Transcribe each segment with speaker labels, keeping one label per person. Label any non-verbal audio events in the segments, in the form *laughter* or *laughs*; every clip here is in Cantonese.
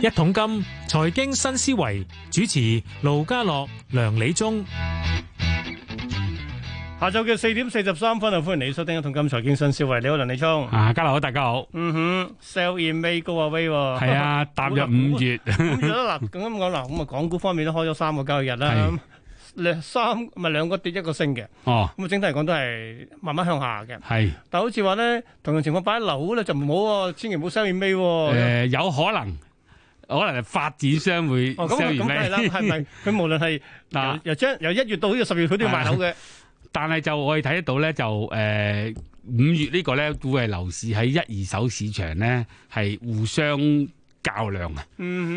Speaker 1: 一桶金財經新思維，主持
Speaker 2: 盧家樂、梁理中，下晝嘅四點四十三分啊！歡迎你收聽一桶金財經新思維，你好，梁理中啊，家樂好，大家好，嗯哼，sell in May，and go away，係啊，踏入五月。咁樣嗱，咁樣講嗱，咁啊，港股方面都開咗三個交易日啦。兩三唔係，兩個跌一個升嘅。哦，咁啊整體嚟講都係慢慢向下嘅。係，但係好似話咧，同樣情況擺喺樓咧就唔好喎，千祈唔好 sell 完尾喎。誒，
Speaker 1: 有可能，可能係發展商會 sell 完尾。咁咁梗係啦，係咪
Speaker 2: 佢無論係嗱，由將由一月到呢個十月，佢都要賣樓嘅。
Speaker 1: 但係就我哋睇得到咧，就誒五月呢個咧，會係樓市喺一二手市場咧係互相。較量啊！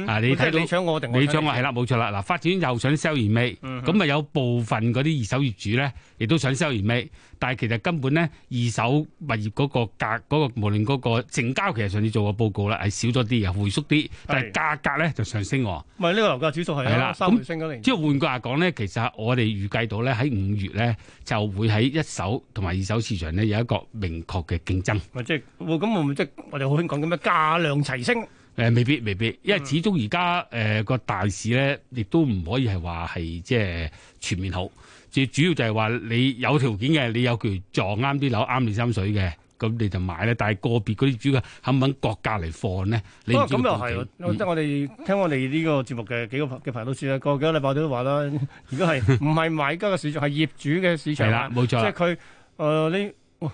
Speaker 1: 啊，你睇你搶我定我搶我係啦，冇錯啦。嗱，發展又想 sell 完尾，咁咪有部分嗰啲二手業主咧，亦都想 sell 完尾。但係其實根本咧，二手物業嗰個價，嗰個無論嗰個成交，其實上次做過報告啦，係少咗啲，又回縮啲，但係價格咧就上升。唔
Speaker 2: 係呢個樓價指數係啦，三倍
Speaker 1: 升嗰年。即係換句話講咧，其實我哋預計到咧喺五月咧，就會喺一手同埋二手市場咧有一個明確嘅競爭。咪即係，咁咪即係，我哋好興講咁樣價量齊升。誒未必未必，因為始終而家誒個大市咧，亦都唔可以係話係即係全面好。最主要就係話你有條件嘅，你有條撞啱啲樓啱你心水嘅，咁你就買啦。但係個別嗰啲主要肯唔肯國價嚟放咧，
Speaker 2: 啊、你不、啊。不過咁又係，嗯、我覺得我哋聽我哋呢個節目嘅幾個嘅朋友啊，幾個幾禮拜都話啦，如果係唔係買家嘅市場，係 *laughs* 業主嘅市場。係啦，冇錯。即係佢誒你。哇！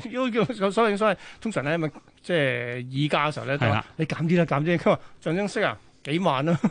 Speaker 2: 叫、哦、所謂所謂，通常咧咪即係議價嘅時候咧，的你減啲啦，減啲。佢話象徵式啊，幾萬啦、啊。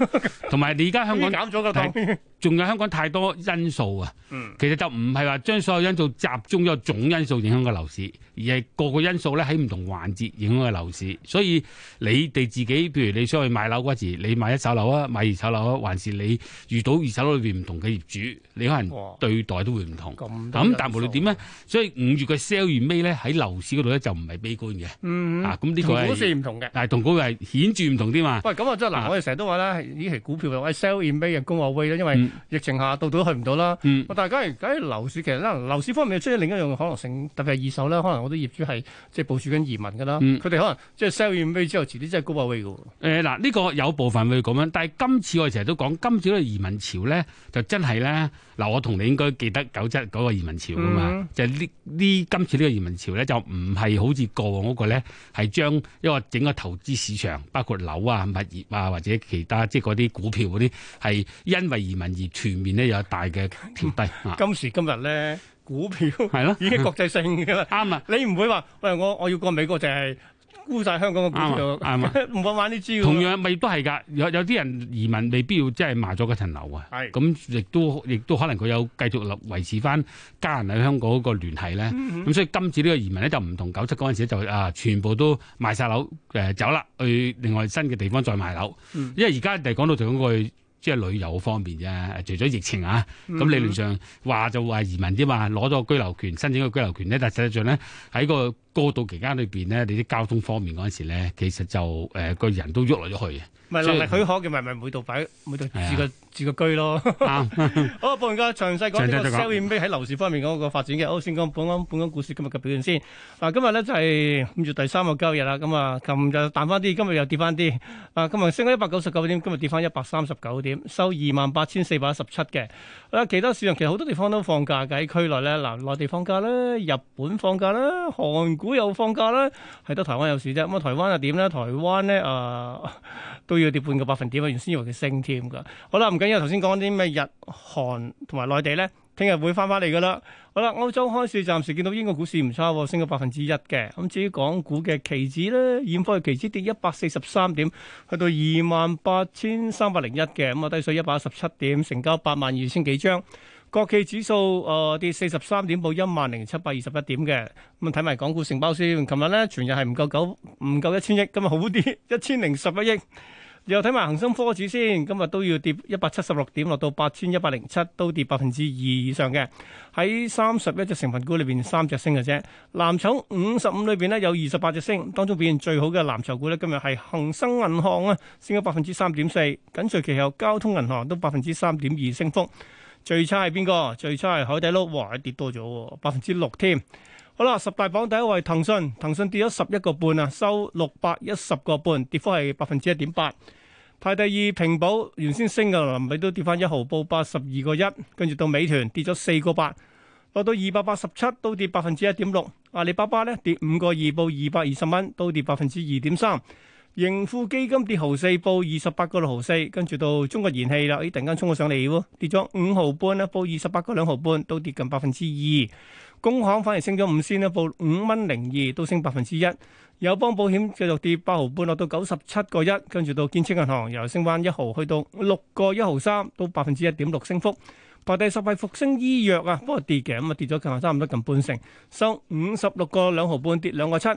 Speaker 2: 同 *laughs* 埋你而家香港減咗個頭。看
Speaker 1: *laughs* 仲有香港太多因素啊，嗯、其實就唔係話將所有因素集中咗個總因素影響個樓市，而係個個因素咧喺唔同環節影響個樓市。所以你哋自己，譬如你想去買樓嗰時候，你買一手樓啊，買二手樓啊，還是你遇到二手樓裏邊唔同嘅業主，你可能對待都會唔同。咁但無論點咧，所以五月嘅 sell in May 咧喺樓市嗰度咧就唔係悲觀嘅。嗯，
Speaker 2: 咁呢、啊、個係同股市唔同嘅，但係同股係顯著唔同啲嘛。喂，咁啊即係嗱，我哋成日都話啦，依期股票嘅 sell in May 啊，恭賀會啦，因為疫情下到到去唔到啦。我大家而家喺樓市其實咧，樓市方面又出現另一樣嘅可能性，特別係二手啦。可能好多業主係即係部署緊移民噶啦，佢哋、嗯、可能即係 sell 完飛之後，遲啲真係高位喎。
Speaker 1: 誒嗱、嗯，呢、呢個有部分會咁樣，但係今次我成日都講，今次呢個移民潮咧就真係咧嗱，我同你應該記得九七嗰個移民潮啊嘛，嗯、就係呢呢今次呢個移民潮咧就唔係好似過往嗰個咧，係將一個整個投資市場包括樓啊、物業啊或者其他即係嗰啲股票嗰啲係因為移民。而全面呢，又有大嘅調低， *laughs*
Speaker 2: 今時今日咧，股票係咯已經國際性㗎啦，啱啊了！你唔會話喂我我要過美國定係，就是，沽晒香港嘅股票，啱啊，唔好玩啲招。 *laughs* 慢慢同樣咪都係㗎，有有啲人
Speaker 1: 移民未必要即係賣咗嗰層樓啊，係咁亦都亦都可能佢有繼續維持翻家人喺香港嗰個聯繫咧。咁、嗯嗯、所以今次呢個移民咧就唔同九七嗰陣時咧就啊全部都賣晒樓誒走啦，去另外新嘅地方再買樓。嗯、因為而家就講到同樣句。即係旅遊方面啫，除咗疫情啊，咁、嗯、理論上話就話移民啫嘛，攞咗個居留權，申請個居留權咧。但實際上咧喺個過渡期間裏邊咧，你啲交通方面嗰陣時咧，其實就誒個、呃、人都喐不以來喐去嘅，唔
Speaker 2: 係能力許可嘅，咪咪每度擺每度住個。住個居咯 *laughs* *laughs* *laughs* 好，半個詳細講啲 sell in May 喺樓市方面嗰個發展嘅，好，先講本港本港股市今日嘅表現先。嗱，今日咧就係五月第三個交易日啦，咁啊，琴日彈翻啲，今日又跌翻啲。啊，今日升咗一百九十九點，今日跌翻一百三十九點，收二萬八千四百一十七嘅。啊，其他市場其實好多地方都放假嘅，喺區內咧，嗱、呃，內地放假啦，日本放假啦，韓股又放假啦，係得台灣有市啫。咁啊，台灣又點咧？台灣咧啊、呃，都要跌半個百分點啊，原先以為佢升添㗎。好啦，唔該。因為頭先講啲咩日韓同埋內地呢，聽日會翻返嚟噶啦。好啦，歐洲開市暫時見到英國股市唔差，升咗百分之一嘅。咁至於港股嘅期指呢，現貨期指跌一百四十三點，去到二萬八千三百零一嘅。咁啊，低水一百一十七點，成交八萬二千幾張。國企指數誒、呃、跌四十三點，報一萬零七百二十一點嘅。咁啊，睇埋港股成交先。琴日呢，全日係唔夠九唔夠一千億，今日好啲，一千零十一億。又睇埋恒生科指先，今日都要跌一百七十六點，落到八千一百零七，都跌百分之二以上嘅。喺三十一隻成分股裏邊，三隻升嘅啫。藍籌五十五裏邊咧，有二十八隻升，當中表現最好嘅藍籌股咧，今日係恒生銀行啊，升咗百分之三點四，緊隨其後交通銀行都百分之三點二升幅。最差係邊個？最差係海底撈，哇！跌多咗百分之六添。好啦，十大榜第一位騰訊，騰訊跌咗十一個半啊，收六百一十個半，跌幅係百分之一點八。排第二平保原先升嘅，林尾都跌翻一毫，報八十二個一，跟住到美團跌咗四個八，落到二百八十七都跌百分之一點六。阿里巴巴咧跌五個二，報二百二十蚊，都跌百分之二點三。盈富基金跌毫四，報二十八個六毫四，跟住到中國燃氣啦，咦突然間衝咗上嚟，跌咗五毫半啦，報二十八個兩毫半，都跌近百分之二。工行反而升咗五仙啦，報五蚊零二，都升百分之一。友邦保險繼續跌八毫半，落到九十七個一，跟住到建設銀行由升翻一毫，去到六個一毫三，都百分之一點六升幅。排第十係復星醫藥啊，不過跌嘅，咁啊跌咗近差唔多近半成，收五十六個兩毫半，跌兩個七。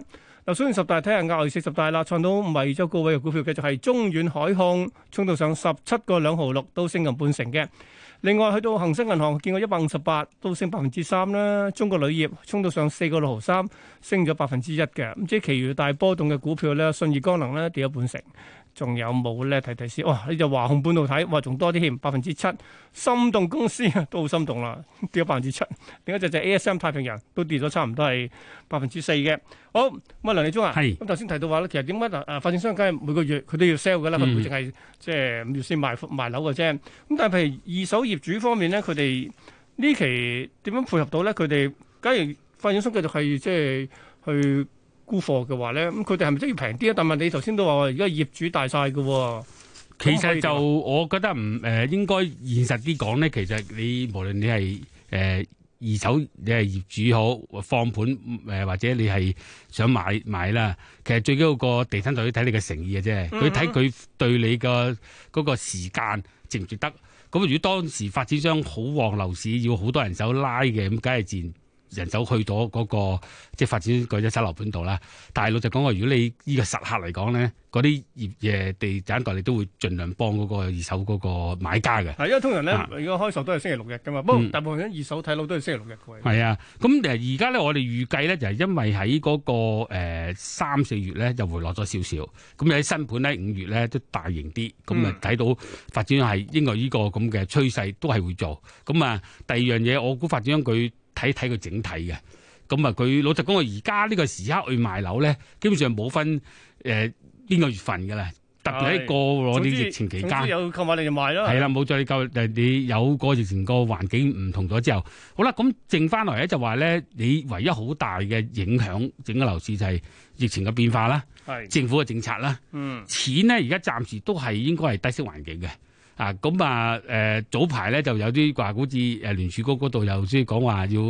Speaker 2: 嗱，雖然十大睇下，額外四十大啦，創到咪咗高位嘅股票，嘅就係、是、中遠海控衝到上十七個兩毫六，都升近半成嘅。另外，去到恒生銀行，見過一百五十八，都升百分之三啦。中國鋁業衝到上四個六毫三，升咗百分之一嘅。咁即係其餘大波動嘅股票咧，信義光能咧，跌咗半成。仲有冇咧？提提先。哇！呢隻華控半導體，哇，仲多啲添，百分之七。心動公司都好心動啦，跌咗百分之七。另一隻隻 ASM 太平洋都跌咗差唔多係百分之四嘅？好，咁啊梁理中啊，咁頭先提到話咧，其實點解啊？發展商梗係每個月佢都要 sell 嘅啦，佢唔淨係即係五月份賣賣樓嘅啫。咁、嗯、但係譬如二手業主方面咧，佢哋呢期點樣配合到咧？佢哋假如發展商繼續係即係去。估嘅話咧，咁佢哋係咪真要平啲啊？但係你頭先都話，而家業主大晒嘅，其實就
Speaker 1: 我覺得唔誒、呃，應該現實啲講咧。其實你無論你係誒、呃、二手，你係業主好放盤誒、呃，或者你係想買買啦，其實最緊要個地產代理睇你嘅誠意嘅啫。佢睇佢對你嘅嗰、那個時間值唔值得。咁如果當時發展商好旺樓市，要好多人手拉嘅，咁梗係賤。人手去咗嗰、嗰個即係發展區嘅新樓盤度啦，但係老實講話，如果你依個實客嚟講咧，嗰啲業嘢地產代理都會盡量幫嗰個二手嗰個買家嘅。係因為通常咧，
Speaker 2: 啊、如果開售都係星期六日㗎嘛，不過大部分二手睇樓都係星
Speaker 1: 期六日嘅。係啊、嗯，咁而家咧，我哋預計咧就係、係、因為喺嗰、嗰個呃、三四月咧就回落咗少少，咁有啲新盤咧五月咧都大型啲，咁啊睇到發展商係應該依個咁嘅趨勢都係會做。咁啊第二樣嘢，我估發展商佢。睇睇佢整體嘅，咁啊佢老實講，我而家呢個時刻去賣樓咧，基本上冇分誒邊、呃、個月份噶啦，特別係過攞啲疫情期間，有
Speaker 2: 購買力就賣咯，係啦
Speaker 1: 的，冇再夠誒，你有個疫情個環境唔同咗之後，好啦，咁剩翻嚟咧就話咧，你唯一好大嘅影響整個樓市就係疫情嘅變化啦，係的政府嘅政策啦，嗯，錢咧而家暫時都係應該係低息環境嘅。啊，咁啊，誒早排咧就有啲話，好似聯儲局嗰度又、那個、即係講話要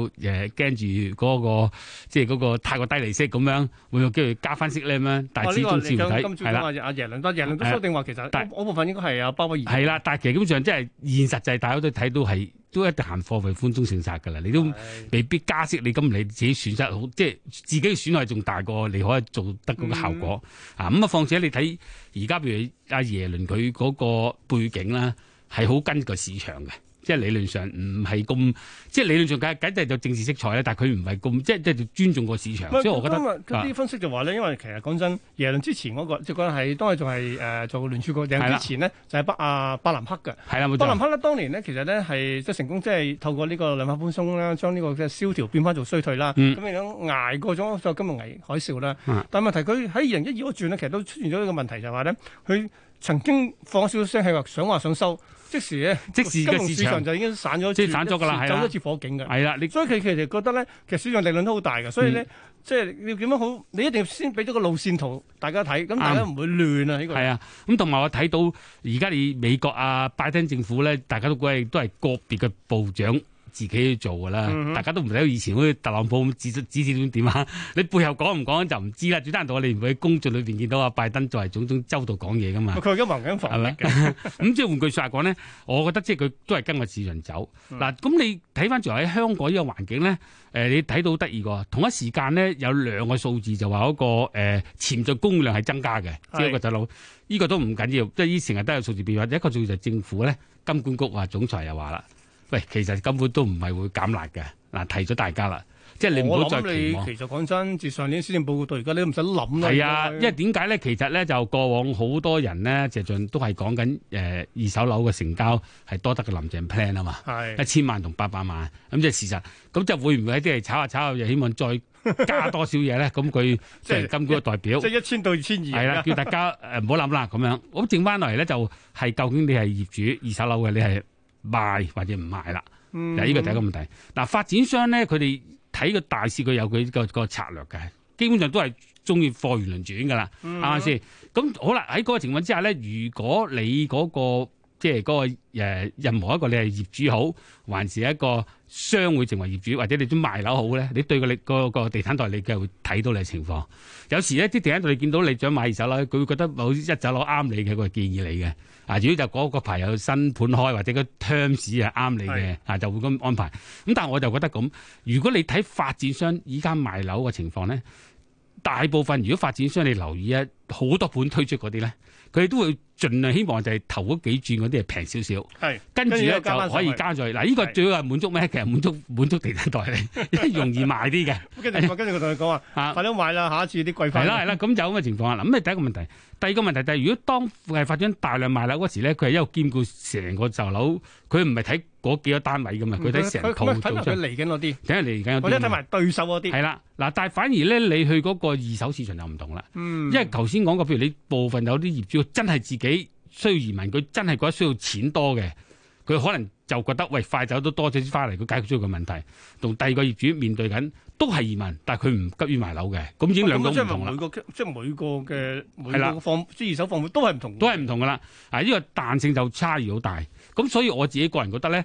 Speaker 1: 驚住嗰個即係嗰個太過低利息咁樣，會有機會加翻息咧咁樣，但係始終唔睇係啦。阿阿、啊這個、耶倫，的但係耶倫都修定話，其實大部分應該係阿包括。係啦，但係其實基本上即係現實就係大家都睇到係。都一定行貨為寬中性策㗎啦，你都未必加息，你咁你自己損失好，是的即係自己嘅損害仲大過你可以做得嗰個效果啊！咁、嗯、啊，況且你睇而家譬如阿、啊、耶倫佢嗰個背景啦、啊，係好跟個市場嘅。即係理論上唔係咁，即係理論上梗係梗係就政治色彩啦。但係佢唔係咁，即係即尊重個市場。不所以，我覺得啊。啲、嗯、
Speaker 2: 分析就話咧，因為其實講真，耶倫之前嗰、那個即係當係當係仲係誒在聯儲局了之前呢，就係、是、伯阿伯南克嘅。啦、啊，伯南克呢，伯克當年呢，其實呢係即成功，即係透過呢個量化寬鬆啦，將呢個嘅蕭條變翻做衰退啦。咁樣、嗯、捱過咗個金融危海嘯啦。嗯、但係問題，佢喺二零一二嗰轉其實都出現咗一個問題，就係話呢，佢曾經放少少聲，係話想話想收。即時咧，即時市場就已經散咗，即係散咗㗎啦，一次啊、走一次火警㗎。係啦、啊，所以佢其實覺得咧，其實市場力量都好大嘅，所以咧，嗯、即係要點樣好？你一定要先俾咗個路線圖大家睇，咁大家唔會亂啊。呢、嗯、個係啊。
Speaker 1: 咁同埋我睇到而家你美國啊，拜登政府咧，大家都估係都係個別嘅部長。自己去做噶啦，嗯、哼大家都唔使以前好似特朗普咁指指點點點啊！你背後講唔講就唔知啦。最難度啊，你唔會喺公眾裏邊見到阿拜登作為總統周到講嘢噶嘛？佢而家還緊房啊？咁即係換句說話講咧，我覺得即係佢都係跟個市場走嗱。咁、嗯啊、你睇翻住喺香港呢個環境咧，誒、呃，你睇到好得意個。同一時間咧，有兩個數字就話嗰、那個誒潛在供應量係增加嘅。即係個大佬，呢個都唔緊要，即係以前係都有個數字變化。一個重要就係政府咧，金管局話，總裁又話啦。喂，其實根本都唔係會減辣嘅嗱，提咗大家啦，即係你唔好再期望其
Speaker 2: 實講真，自上年先至報告到，而家你都唔使諗啦。係啊，因為
Speaker 1: 點解咧？其實咧就過往好多人咧，就仲都係講緊誒二手樓嘅成交係多得個林鄭 plan 啊嘛，一千是萬同八百萬咁即係事實。咁即就會唔會喺啲嚟炒下炒下，又希望再加多少嘢咧？咁佢 *laughs* 他即係金股嘅代表，即係一千到二千二係啦、啊，叫大家誒唔好諗啦咁樣。咁剩翻落嚟咧就係、是、究竟你係業主二手樓嘅，你係。賣或者唔賣啦，嗱、就、呢、是、個第一個問題。嗱、嗯、哼發展商咧，佢哋睇個大市，佢有佢個個策略嘅，基本上都係中意貨源輪轉噶啦，係啱先？咁好啦，喺嗰個情況之下咧，如果你嗰、那個即係嗰個誒，任何一個你係業主好，還是一個商會成為業主，或者你都賣樓好咧，你對、個個地產代理佢係會睇到你嘅情況。有時咧，啲地產代理見到你想買二手樓，佢會覺得某一走樓啱你嘅，佢建議你嘅。啊，如果就嗰個排有新盤開，或者個 terms 係啱你嘅，啊是就會咁安排。咁但係我就覺得咁，如果你睇發展商依家賣樓嘅情況咧，大部分如果發展商你留意一好多盤推出嗰啲咧，佢都會，盡量希望就係頭嗰幾轉嗰啲係平少少，是跟住咧就可以加咗。嗱呢個最好係滿足咩？其實滿足滿足地產代理， *laughs* 容易賣啲嘅。 *laughs* 跟住我跟住同佢講話，是快
Speaker 2: 啲買啦，下一次啲貴翻。係啦係啦，
Speaker 1: 咁就咁嘅情況啦。咁係第一個問題，第二個問題就係如果當係發展大量賣樓嗰時咧，佢係一路兼顧成個售樓，佢唔係睇嗰幾個單位嘅嘛，佢睇成套做佢嚟緊嗰啲。睇下嚟緊嗰啲。或者睇埋對手嗰啲。係啦，嗱，但係反而咧，你去嗰個二手市場就唔同啦，嗯，因為頭先講過，譬如你部分有啲業主真係自己。需要移民，佢真係覺得需要錢多嘅，佢可能就覺得喂，快走都多咗啲翻嚟，佢解決咗個問題。同第二個業主面對緊都係移民，但係佢唔急於賣樓嘅。咁已經兩個唔同。咁、啊、
Speaker 2: 即係每個即係每個嘅每個
Speaker 1: 放即二手房都係唔同。都係唔同㗎啦，啊，呢個彈性就差異好大。咁所以我
Speaker 2: 自己個人覺得咧，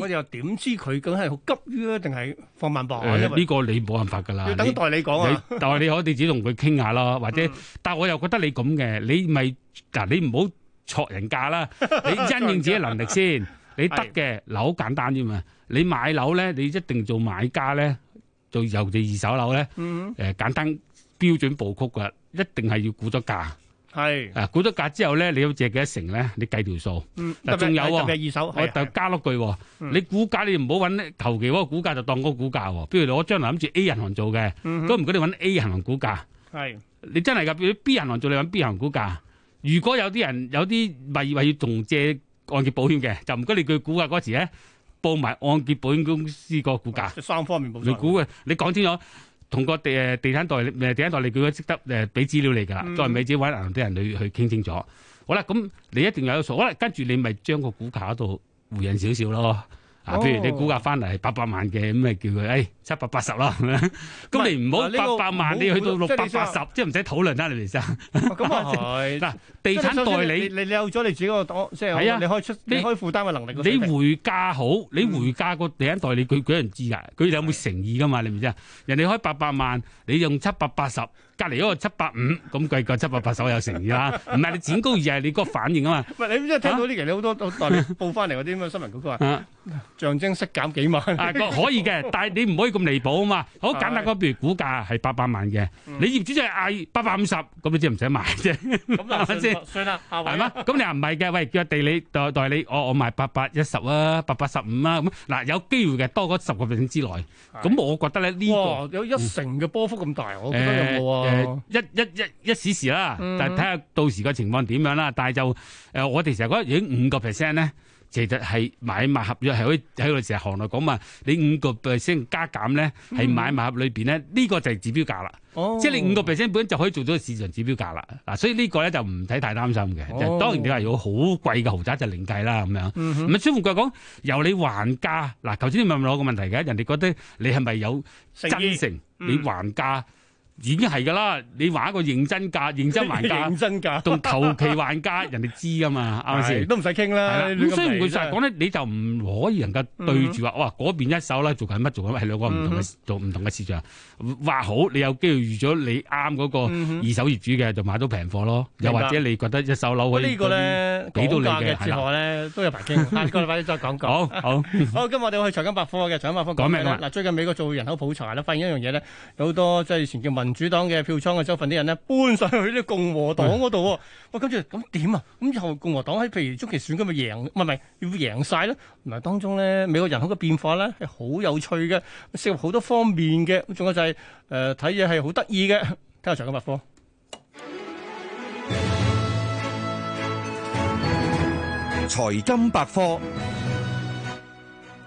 Speaker 2: 我又點知佢梗係好急於咧定係放慢步？呢、呃，呢個
Speaker 1: 你冇辦法㗎啦。等待你講，但係你可以自己同佢傾下咯，或者，嗯、但我又覺得你咁嘅，你咪嗱、啊、你唔好。戳人價啦！你因應自己能力先，你得嘅樓簡單啫嘛。你買樓咧，你一定做買家咧，做尤其二手樓咧，誒，簡單標準步曲噶，一定係要估咗價。係誒，估咗價之後咧，你要借幾多成咧？你計條數。仲有別二手，我就加多句，你估價你唔好揾求其，嗰個估價就當嗰個估價。譬如我將來諗住 A 銀行做嘅，噉唔該你揾 A 銀行估價。係你真係噶，比如 B 銀行做，你揾 B 銀行估價。如果有啲人有啲，咪話要仲借按揭保險嘅，就唔該你佢估價嗰時咧，報埋按揭保險公司個估價，三方面你估嘅，你講清楚，同個地誒地產代理誒地產代理佢識得誒俾資料你㗎啦，再咪自己揾啲人你去傾清楚。好啦，咁你一定有數，好啦，跟住你咪將個估價度回應少少咯。
Speaker 2: 啊！譬如你估價
Speaker 1: 翻嚟係八百萬嘅，咁咪叫佢誒七百八十啦，咁你唔好八百萬，你去到六百八十，即係唔使討論啦，你咪先。
Speaker 2: 咁啊，嗱，地產代理，你你有咗你自己嗰個即係你可以出，你開負擔嘅能力。你
Speaker 1: 回價好，你回價個地產代理，佢佢人知噶，佢哋有冇誠意噶嘛？你咪先，人哋開八百萬，你用七百八十。隔籬嗰個七百五，咁貴過七百八十，有誠意啦。唔係你剪高二係你個反應啊嘛。
Speaker 2: 唔係你即係聽到啲人，你好多代理報翻嚟嗰啲咩新聞稿話，
Speaker 1: 象徵式減幾萬。可以嘅，但係你唔可以咁離譜啊嘛。好簡單嗰，譬如股價係八百萬嘅，你業主就嗌八百五十，咁你即唔使買啫。咁
Speaker 2: 係咪先？算啦，
Speaker 1: 係嘛？咁你話唔係嘅，喂，叫個代理代代理，我我買八百一十啊，八百十五啊咁。嗱，有機會嘅多過十個 percent 之內。咁我覺得咧呢個
Speaker 2: 有一成嘅波幅咁大，我覺得有冇啊？誒、呃，一
Speaker 1: 一一一時，時啦，但係睇下到時個情況點樣啦。但係就誒、呃，我哋成日覺得已經五個 percent 咧，其實係買賣合約係喺喺度成日行內講嘛。你五個 percent 加減咧，係買賣合裏邊咧，呢、嗯、個就係指標價啦。
Speaker 2: 哦、即係你五個
Speaker 1: percent 本身就可以做到市場指標價啦。嗱，所以呢個咧就唔使太擔心嘅。哦、當然你話要好貴嘅豪宅就另計啦，咁樣。咁係轉換句講，由你還價嗱，頭先你問問我個問題嘅，人哋覺得你係咪有真誠、嗯、你還價？已經係噶啦，你玩一個認真價、認真還價，認真價同求其還價人哋知啊嘛，啱啱先？都唔使傾啦。所以唔會實講咧，你就唔可以能夠對住話，哇嗰邊一手咧做緊乜做緊乜，係兩個唔同嘅做唔同嘅市場。話好，你有機會遇咗你啱嗰個二手業主嘅，就買到平貨咯。又或者你覺得一手樓嗰呢個咧畀到你嘅？係啦，
Speaker 2: 咧都有排傾。下個禮拜再講講。好，好。今日我哋去財經百貨嘅財經百貨講明嗱，最近美國做人口普查咧，發現一樣嘢咧，有好多即係以前叫民主黨嘅票倉嘅州份啲人呢，搬上去啲共和黨嗰度，哇是！跟住咁點啊？咁、啊、以後共和黨喺譬如中期選舉咪贏，唔係係要贏晒咧？唔當中呢，美國人口嘅變化呢係好有趣嘅，涉及好多方面嘅，仲有就係誒睇嘢係好得意嘅。睇下財金百科，財金百科。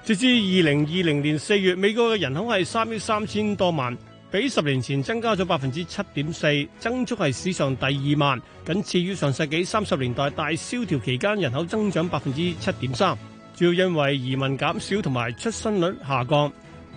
Speaker 2: 截至二零二零年四月，美國嘅人口係三億三千多萬。比十年前增加咗百分之七點四，增速係史上第二慢，僅次於上世紀三十年代大蕭條期間人口增長百分之七點三。主要因為移民減少同埋出生率下降，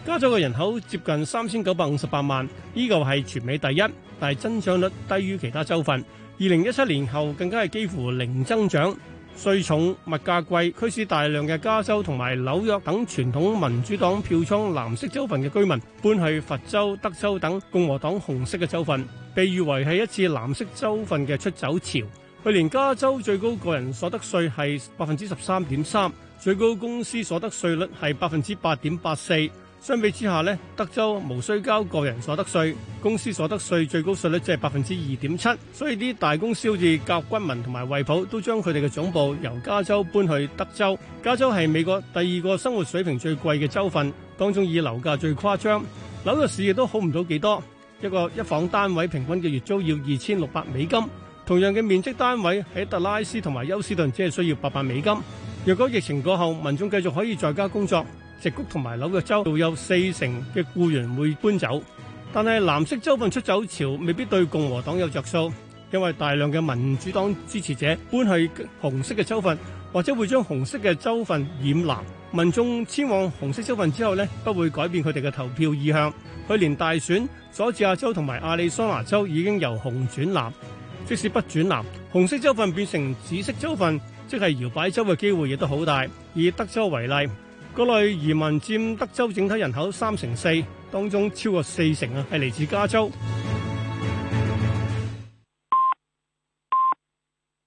Speaker 2: 加州嘅人口接近三千九百五十八萬，依個係全美第一，但係增長率低於其他州份。二零一七年後更加係幾乎零增長。稅重、物價貴，驅使大量嘅加州同埋紐約等傳統民主黨票倉藍色州份嘅居民搬去佛州、德州等共和黨紅色嘅州份，被譽為係一次藍色州份嘅出走潮。去年加州最高個人所得稅係百分之十三點三，最高公司所得稅率係百分之八點八四。相比之下咧，德州無需交個人所得稅，公司所得稅最高稅率只係百分之二點七，所以啲大公司好似甲骨文同埋惠普都將佢哋嘅總部由加州搬去德州。加州係美國第二個生活水平最貴嘅州份，當中以樓價最誇張，紐約市亦都好唔到幾多。一個一房單位平均嘅月租要二千六百美金，同樣嘅面積單位喺特拉斯同埋休斯頓只係需要八百美金。若果疫情過後，民眾繼續可以在家工作。直谷同埋紐約州，度有四成嘅僱員會搬走。但係藍色州份出走潮未必對共和黨有着數，因為大量嘅民主黨支持者搬去紅色嘅州份，或者會將紅色嘅州份染藍。民眾遷往紅色州份之後呢，不會改變佢哋嘅投票意向。去年大選，佐治亞州同埋亞利桑拿州已經由紅轉藍。即使不轉藍，紅色州份變成紫色州份，即係搖擺州嘅機會亦都好大。以德州為例。嗰類移民佔德州整體人口三成四，當中超過四成啊，係嚟自加州。